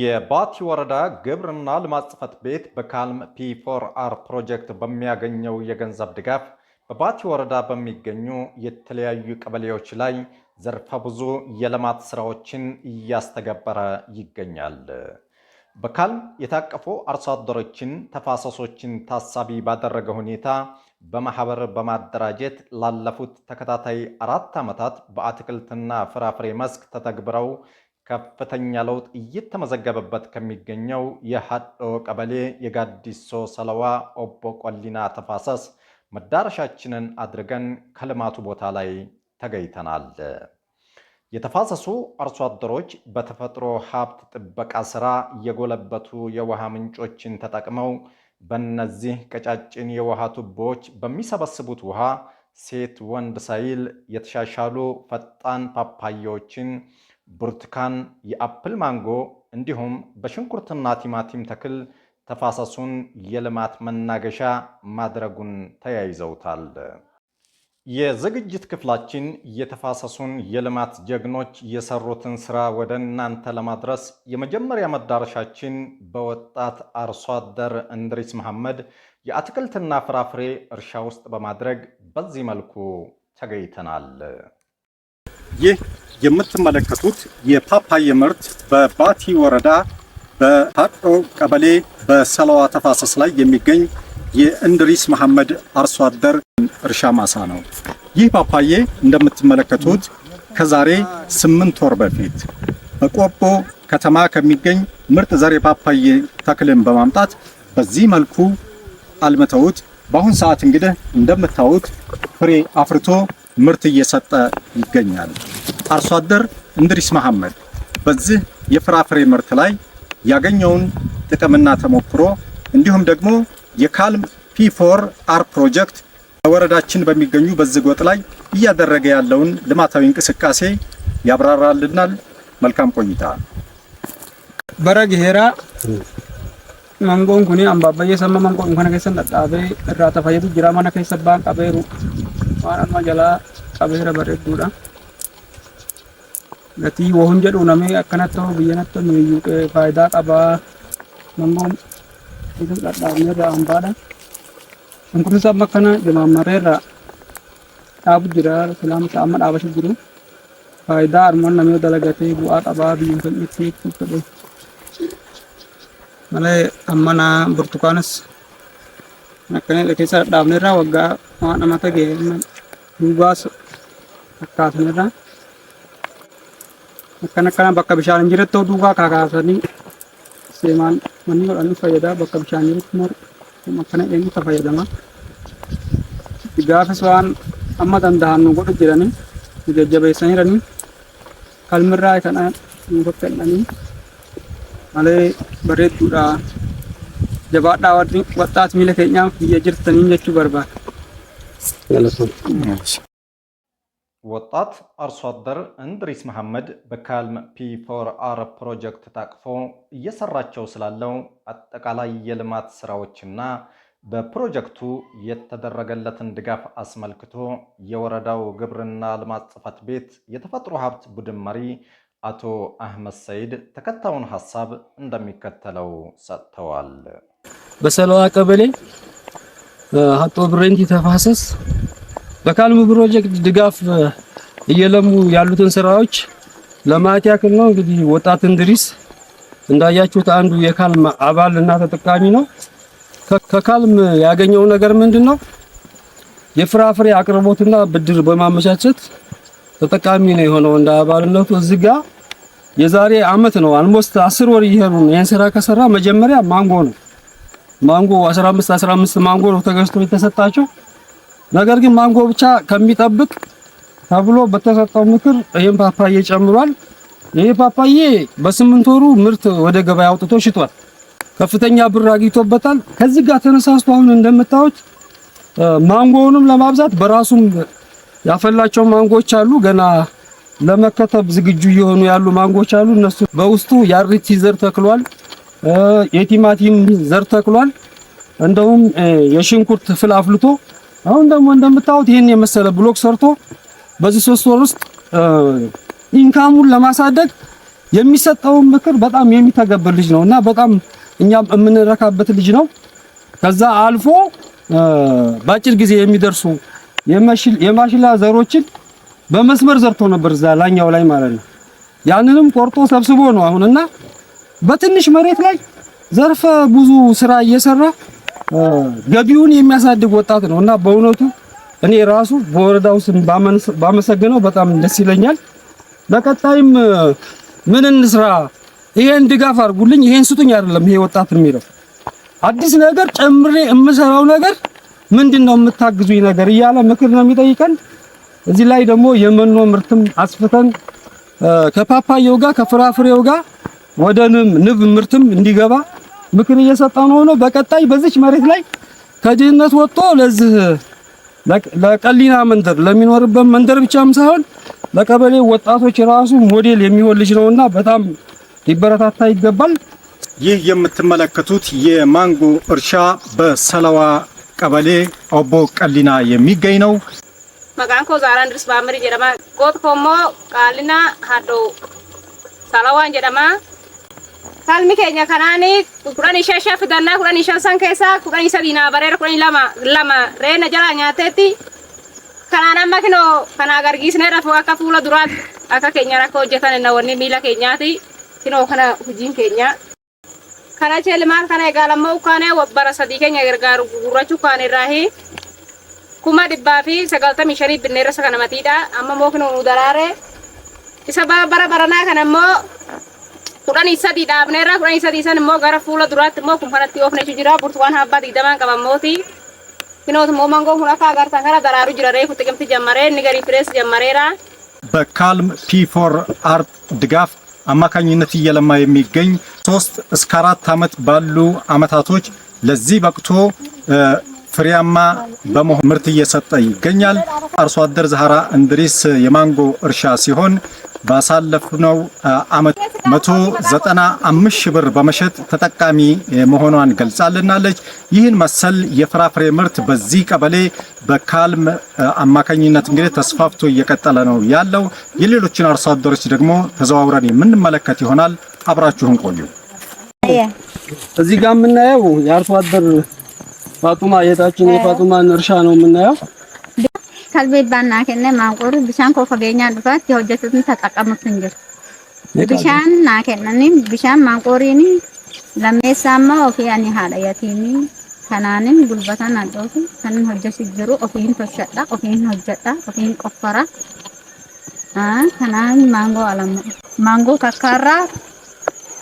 የባቲ ወረዳ ግብርና ልማት ጽሕፈት ቤት በካልም ፒ4አር ፕሮጀክት በሚያገኘው የገንዘብ ድጋፍ በባቲ ወረዳ በሚገኙ የተለያዩ ቀበሌዎች ላይ ዘርፈ ብዙ የልማት ስራዎችን እያስተገበረ ይገኛል። በካልም የታቀፉ አርሶ አደሮችን ተፋሰሶችን ታሳቢ ባደረገ ሁኔታ በማህበር በማደራጀት ላለፉት ተከታታይ አራት ዓመታት በአትክልትና ፍራፍሬ መስክ ተተግብረው ከፍተኛ ለውጥ እየተመዘገበበት ከሚገኘው የሀዶ ቀበሌ የጋዲሶ ሰለዋ ኦቦ ቆሊና ተፋሰስ መዳረሻችንን አድርገን ከልማቱ ቦታ ላይ ተገኝተናል። የተፋሰሱ አርሶ አደሮች በተፈጥሮ ሀብት ጥበቃ ስራ የጎለበቱ የውሃ ምንጮችን ተጠቅመው በነዚህ ቀጫጭን የውሃ ቱቦዎች በሚሰበስቡት ውሃ ሴት ወንድ ሳይል የተሻሻሉ ፈጣን ፓፓያዎችን ብርቱካን፣ የአፕል ማንጎ እንዲሁም በሽንኩርትና ቲማቲም ተክል ተፋሰሱን የልማት መናገሻ ማድረጉን ተያይዘውታል። የዝግጅት ክፍላችን የተፋሰሱን የልማት ጀግኖች የሰሩትን ስራ ወደ እናንተ ለማድረስ የመጀመሪያ መዳረሻችን በወጣት አርሶ አደር እንድሪስ መሐመድ የአትክልትና ፍራፍሬ እርሻ ውስጥ በማድረግ በዚህ መልኩ ተገኝተናል። ይህ የምትመለከቱት የፓፓዬ ምርት በባቲ ወረዳ በሀቅሮ ቀበሌ በሰለዋ ተፋሰስ ላይ የሚገኝ የእንድሪስ መሐመድ አርሶ አደር እርሻ ማሳ ነው። ይህ ፓፓዬ እንደምትመለከቱት ከዛሬ ስምንት ወር በፊት በቆቦ ከተማ ከሚገኝ ምርጥ ዘር የፓፓዬ ተክልን በማምጣት በዚህ መልኩ አልምተውት በአሁን ሰዓት እንግዲህ እንደምታዩት ፍሬ አፍርቶ ምርት እየሰጠ ይገኛል። አርሶ አደር እንድሪስ መሐመድ በዚህ የፍራፍሬ ምርት ላይ ያገኘውን ጥቅምና ተሞክሮ እንዲሁም ደግሞ የካልም ፒ4 አር ፕሮጀክት በወረዳችን በሚገኙ በዚህ ጎጥ ላይ እያደረገ ያለውን ልማታዊ እንቅስቃሴ ያብራራልናል። መልካም ቆይታ። በረግ ሄራ መንጎን ኩኒ አንባባዬ ሰማ መንጎ እንኳን ከሰን ዳዳቤ እራተ ፈየቱ ጅራማና ከሰባን ቀበሩ ዋራን ማጀላ ቀበረ በረዱዳ jadu gatii woon jedhu namni akkanatto biyya natto nuyi faayidaa qabaa mangoon isin dhadhaabneerra hambaadha. Shunkurtis amma kana jamaammareerra dhaabu jira filaam isaa amma dhaabashe jiru. Faayidaa armaan buat dalagatee bu'aa qabaa biyya kan itti fedhu. Malee amma naa burtukaanus akkanaa keessa dhadhaabneerra waggaa waan nama tage duubaas akkaasanerra. Akkan akkanaa bakka bishaan jirutti oduu waa kakaasanii seemaan manni godhanii fayyada. Bakka bishaan jirutti maru akkana eenyuta fayyadama. Gaafis waan amma danda'an nu godhu jedhanii nu jajjabeessaniiranii kalmirraa ya, kana nu bakka hidhanii malee bareedduudha. Jabaadhaa warri waxxaas miila keenyaaf biyya jirtaniin jechuu barbaada. Ya, ወጣት አርሶ አደር እንድሪስ መሐመድ በካልም ፒ አር ፕሮጀክት ታቅፎ እየሰራቸው ስላለው አጠቃላይ የልማት ስራዎችና በፕሮጀክቱ የተደረገለትን ድጋፍ አስመልክቶ የወረዳው ግብርና ልማት ጽሕፈት ቤት የተፈጥሮ ሀብት ቡድን መሪ አቶ አህመድ ሰይድ ተከታዩን ሀሳብ እንደሚከተለው ሰጥተዋል። በሰለዋ ቀበሌ ሀጦ ብሬንቲ ተፋሰስ በካልሙ ፕሮጀክት ድጋፍ እየለሙ ያሉትን ስራዎች ለማየት ያክል ነው። እንግዲህ ወጣት እንድሪስ እንዳያችሁት አንዱ የካልም አባል እና ተጠቃሚ ነው። ከካልም ያገኘው ነገር ምንድን ነው? የፍራፍሬ አቅርቦትና ብድር በማመቻቸት ተጠቃሚ ነው የሆነው። እንደ አባልነቱ እዚህ ጋር የዛሬ አመት ነው አልሞስት 10 ወር ይሄን ይህን ስራ ከሰራ መጀመሪያ ማንጎ ነው ማንጎ 15 15 ማንጎ ነው ተገዝቶ የተሰጣቸው ነገር ግን ማንጎ ብቻ ከሚጠብቅ ተብሎ በተሰጠው ምክር ይሄን ፓፓዬ ጨምሯል። ይሄ ፓፓዬ በስምንት ወሩ ምርት ወደ ገበያ አውጥቶ ሽጧል። ከፍተኛ ብር አግኝቶበታል። ከዚህ ጋር ተነሳስቶ አሁን እንደምታዩት ማንጎውንም ለማብዛት በራሱም ያፈላቸው ማንጎች አሉ። ገና ለመከተብ ዝግጁ እየሆኑ ያሉ ማንጎች አሉ። እነሱ በውስጡ የአሪቲ ዘር ተክሏል። የቲማቲም ዘር ተክሏል። እንደውም የሽንኩርት ፍል አፍልቶ አሁን ደግሞ እንደምታዩት ይሄን የመሰለ ብሎክ ሰርቶ በዚህ ሶስት ወር ውስጥ ኢንካሙን ለማሳደግ የሚሰጠውን ምክር በጣም የሚተገብር ልጅ ነው እና በጣም እኛም የምንረካበት ልጅ ነው። ከዛ አልፎ በአጭር ጊዜ የሚደርሱ የማሽላ ዘሮችን በመስመር ዘርቶ ነበር እዛ ላኛው ላይ ማለት ነው። ያንንም ቆርጦ ሰብስቦ ነው አሁን እና በትንሽ መሬት ላይ ዘርፈ ብዙ ስራ እየሰራ ገቢውን የሚያሳድግ ወጣት ነው እና በእውነቱ እኔ ራሱ በወረዳው ስም ባመሰግነው በጣም ደስ ይለኛል። በቀጣይም ምን እንስራ፣ ይሄን ድጋፍ አድርጉልኝ፣ ይሄን ስጡኝ አይደለም ይሄ ወጣት የሚለው አዲስ ነገር ጨምሬ የምሰራው ነገር ምንድን ነው የምታግዙኝ ነገር እያለ ምክር ነው የሚጠይቀን። እዚህ ላይ ደግሞ የመኖ ምርትም አስፍተን ከፓፓየው ጋር ከፍራፍሬው ጋር ወደ ንብ ምርትም እንዲገባ ምክር እየሰጠው ነው ነው በቀጣይ በዚች መሬት ላይ ከድህነት ወጥቶ ለዚህ ለቀሊና መንደር ለሚኖርበት መንደር ብቻም ሳይሆን ለቀበሌ ወጣቶች ራሱ ሞዴል የሚሆን ልጅ ነውና በጣም ሊበረታታ ይገባል። ይህ የምትመለከቱት የማንጎ እርሻ በሰለዋ ቀበሌ ኦቦ ቀሊና የሚገኝ ነው። መቃንኮ ዛራን ድርስ ባምሪ ጀደማ ጎት ኮሞ ቃሊና ሀዶ ሰለዋን ጀደማ Falmi keenya kanaanis kudhan ishee ishee fidannaa kudhan ishee san keessaa kudhan isa diinaa bareera kudhan lama lama reena jalaa nyaateetti kanaan amma kinoo kanaa gargiisnee rafu akka fuula duraatti akka keenyaan akka hojjetan namoonni miila keenyaati kinoo kana hojiin keenya. Kana cheelimaan kana egaalammoo ukkaanee wabbara sadii keenya gargaaru gurgurrachuu ukkaanirraahi kuma dhibbaa fi sagaltamii shanii binneerra sakanamatiidha amma moo kinoo nu daraare isa bara baranaa kanammoo kudhan isadi dhaabneerra kudhan isadi isan immoo gara fuula duraatti immoo kun kanatti oofnechu jira burtukaan habbaa digdamaan qabamooti kinoot immoo mangoo kun akka agartan kana daraaru jira reefu xiqimti jammaree ni garii firees jammareera በካልም ፒፎር አርት ድጋፍ አማካኝነት እየለማ የሚገኝ ሶስት እስከ አራት ዓመት ባሉ አመታቶች ለዚህ በቅቶ ፍሬያማ በመሆን ምርት እየሰጠ ይገኛል። አርሶ አደር ዛህራ እንድሪስ የማንጎ እርሻ ሲሆን ባሳለፍነው ዓመት 195 ሺህ ብር በመሸጥ ተጠቃሚ መሆኗን ገልጻልናለች። ይህን መሰል የፍራፍሬ ምርት በዚህ ቀበሌ በካልም አማካኝነት እንግዲህ ተስፋፍቶ እየቀጠለ ነው ያለው። የሌሎችን አርሶ አደሮች ደግሞ ተዘዋውረን የምንመለከት ይሆናል። አብራችሁን ቆዩ። እዚህ ጋር የምናየው የአርሶ አደር ፋጡማ የታችን የፋጡማን እርሻ ነው የምናየው። ተልቤባና ከነ ማንቆሩ ብሻን ኮፈገኛ ዱፋት የሆጀቱን ተጠቀሙት እንጂ ብሻን ናከነኒ ብሻን ማንቆሪኒ ለሜሳማ ኦፊያኒ ሀለ የቲኒ ከናንን ጉልበታን አዶቱ ከንን ሆጀሽ ጅሩ ኦፊን ተሸጣ ኦፊን ሆጀጣ ኦፊን ቆፈራ አ ከናን ማንጎ አለሙ ማንጎ ከካራ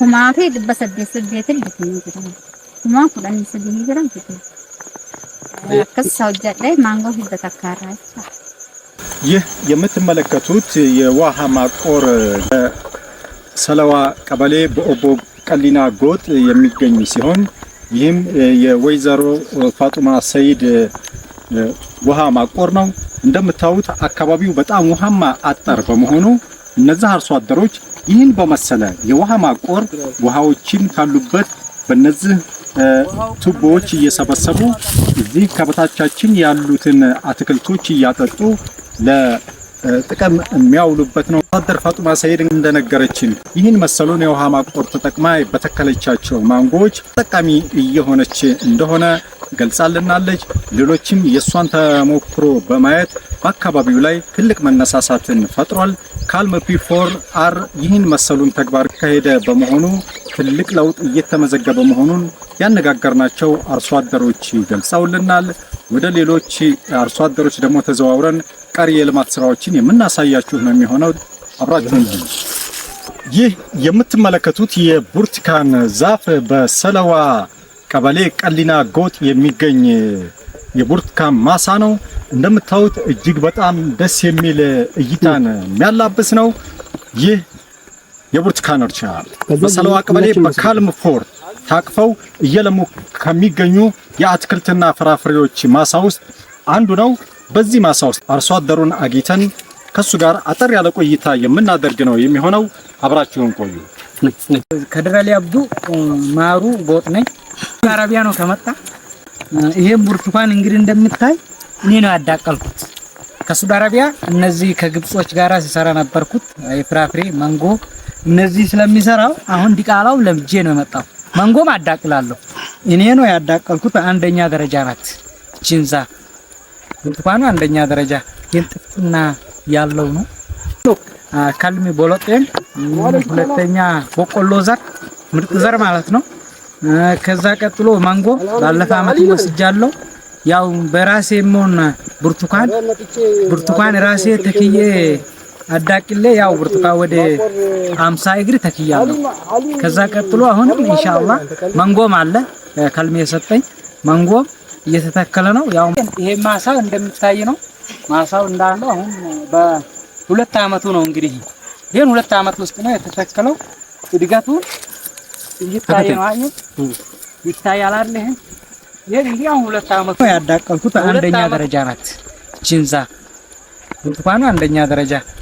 ሁማቴ ድበሰደስ ቤት ልጅ ነው ሁማ ኩላን ስድይ ይገራም ይህ የምትመለከቱት የውሃ ማቆር ሰለዋ ቀበሌ በኦቦ ቀሊና ጎጥ የሚገኝ ሲሆን ይህም የወይዘሮ ፋጡማ ሰይድ ውሃ ማቆር ነው። እንደምታዩት አካባቢው በጣም ውሃማ አጠር በመሆኑ እነዚህ አርሶ አደሮች ይህን በመሰለ የውሃ ማቆር ውሃዎችን ካሉበት በነዚህ ቱቦዎች እየሰበሰቡ እዚህ ከበታቻችን ያሉትን አትክልቶች እያጠጡ ለጥቅም የሚያውሉበት ነው። ወታደር ፋጡማ ሰይድ እንደነገረችን ይህን መሰሉን የውሃ ማቆር ተጠቅማ በተከለቻቸው ማንጎዎች ተጠቃሚ እየሆነች እንደሆነ ገልጻልናለች። ሌሎችም የእሷን ተሞክሮ በማየት በአካባቢው ላይ ትልቅ መነሳሳትን ፈጥሯል። ካልም ፒፎር አር ይህን መሰሉን ተግባር ካሄደ በመሆኑ ትልቅ ለውጥ እየተመዘገበ መሆኑን ያነጋገርናቸው አርሶ አደሮች ገልጸውልናል። ወደ ሌሎች አርሶ አደሮች ደግሞ ተዘዋውረን ቀሪ የልማት ስራዎችን የምናሳያችሁ ነው የሚሆነው። አብራችሁን ይህ የምትመለከቱት የብርቱካን ዛፍ በሰለዋ ቀበሌ ቀሊና ጎጥ የሚገኝ የብርቱካን ማሳ ነው። እንደምታዩት እጅግ በጣም ደስ የሚል እይታን የሚያላብስ ነው። ይህ የብርቱካን እርሻ በሰለዋ ቀበሌ በካልም ፎር ታቅፈው እየለሙ ከሚገኙ የአትክልትና ፍራፍሬዎች ማሳ ውስጥ አንዱ ነው። በዚህ ማሳ ውስጥ አርሶ አደሩን አግኝተን ከሱ ጋር አጠር ያለ ቆይታ የምናደርግ ነው የሚሆነው። አብራችሁን ቆዩ። ከደራሊ አብዱ ማሩ ጎጥ ነኝ። አረቢያ ነው ከመጣ ይሄም ብርቱካን እንግዲህ እንደምታይ እኔ ነው ያዳቀልኩት ከሱድ አረቢያ። እነዚህ ከግብጾች ጋር ሲሰራ ነበርኩት የፍራፍሬ ማንጎ እነዚህ ስለሚሰራው አሁን ዲቃላው ለምጄ ነው የመጣው። መንጎም አዳቅላለሁ እኔ ነው ያዳቀልኩት። አንደኛ ደረጃ ናት ጅንዛ እንኳን አንደኛ ደረጃ የንጥፍጥና ያለው ነው። ካልሚ ቦሎጤም ሁለተኛ በቆሎ ዘር ምርጥ ዘር ማለት ነው። ከዛ ቀጥሎ ማንጎ ባለፈ አመት ወስጃለሁ። ያው በራሴ መሆን ብርቱካን ብርቱካን ራሴ ተክዬ አዳቅሌ ያው ብርቱካ ወደ 50 እግር ተክያለሁ። ከዛ ቀጥሎ አሁንም ኢንሻአላህ መንጎም አለ ከልሜ የሰጠኝ መንጎም እየተተከለ ነው። ያው ይሄ ማሳ እንደምታይ ነው። ማሳው እንዳለ አሁን በሁለት አመቱ ነው እንግዲህ ይሄን ሁለት አመት ውስጥ ነው የተተከለው። እድገቱ ይታይ ነው አይ ይታያል አይደል? ይሄን እንግዲህ አሁን ሁለት ነው ያዳቀልኩት አንደኛ ደረጃ ናት። ቺንዛ ብርቱካኑ አንደኛ ደረጃ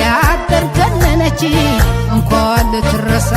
ያጠር ገነነች እንኳን ልትረሳ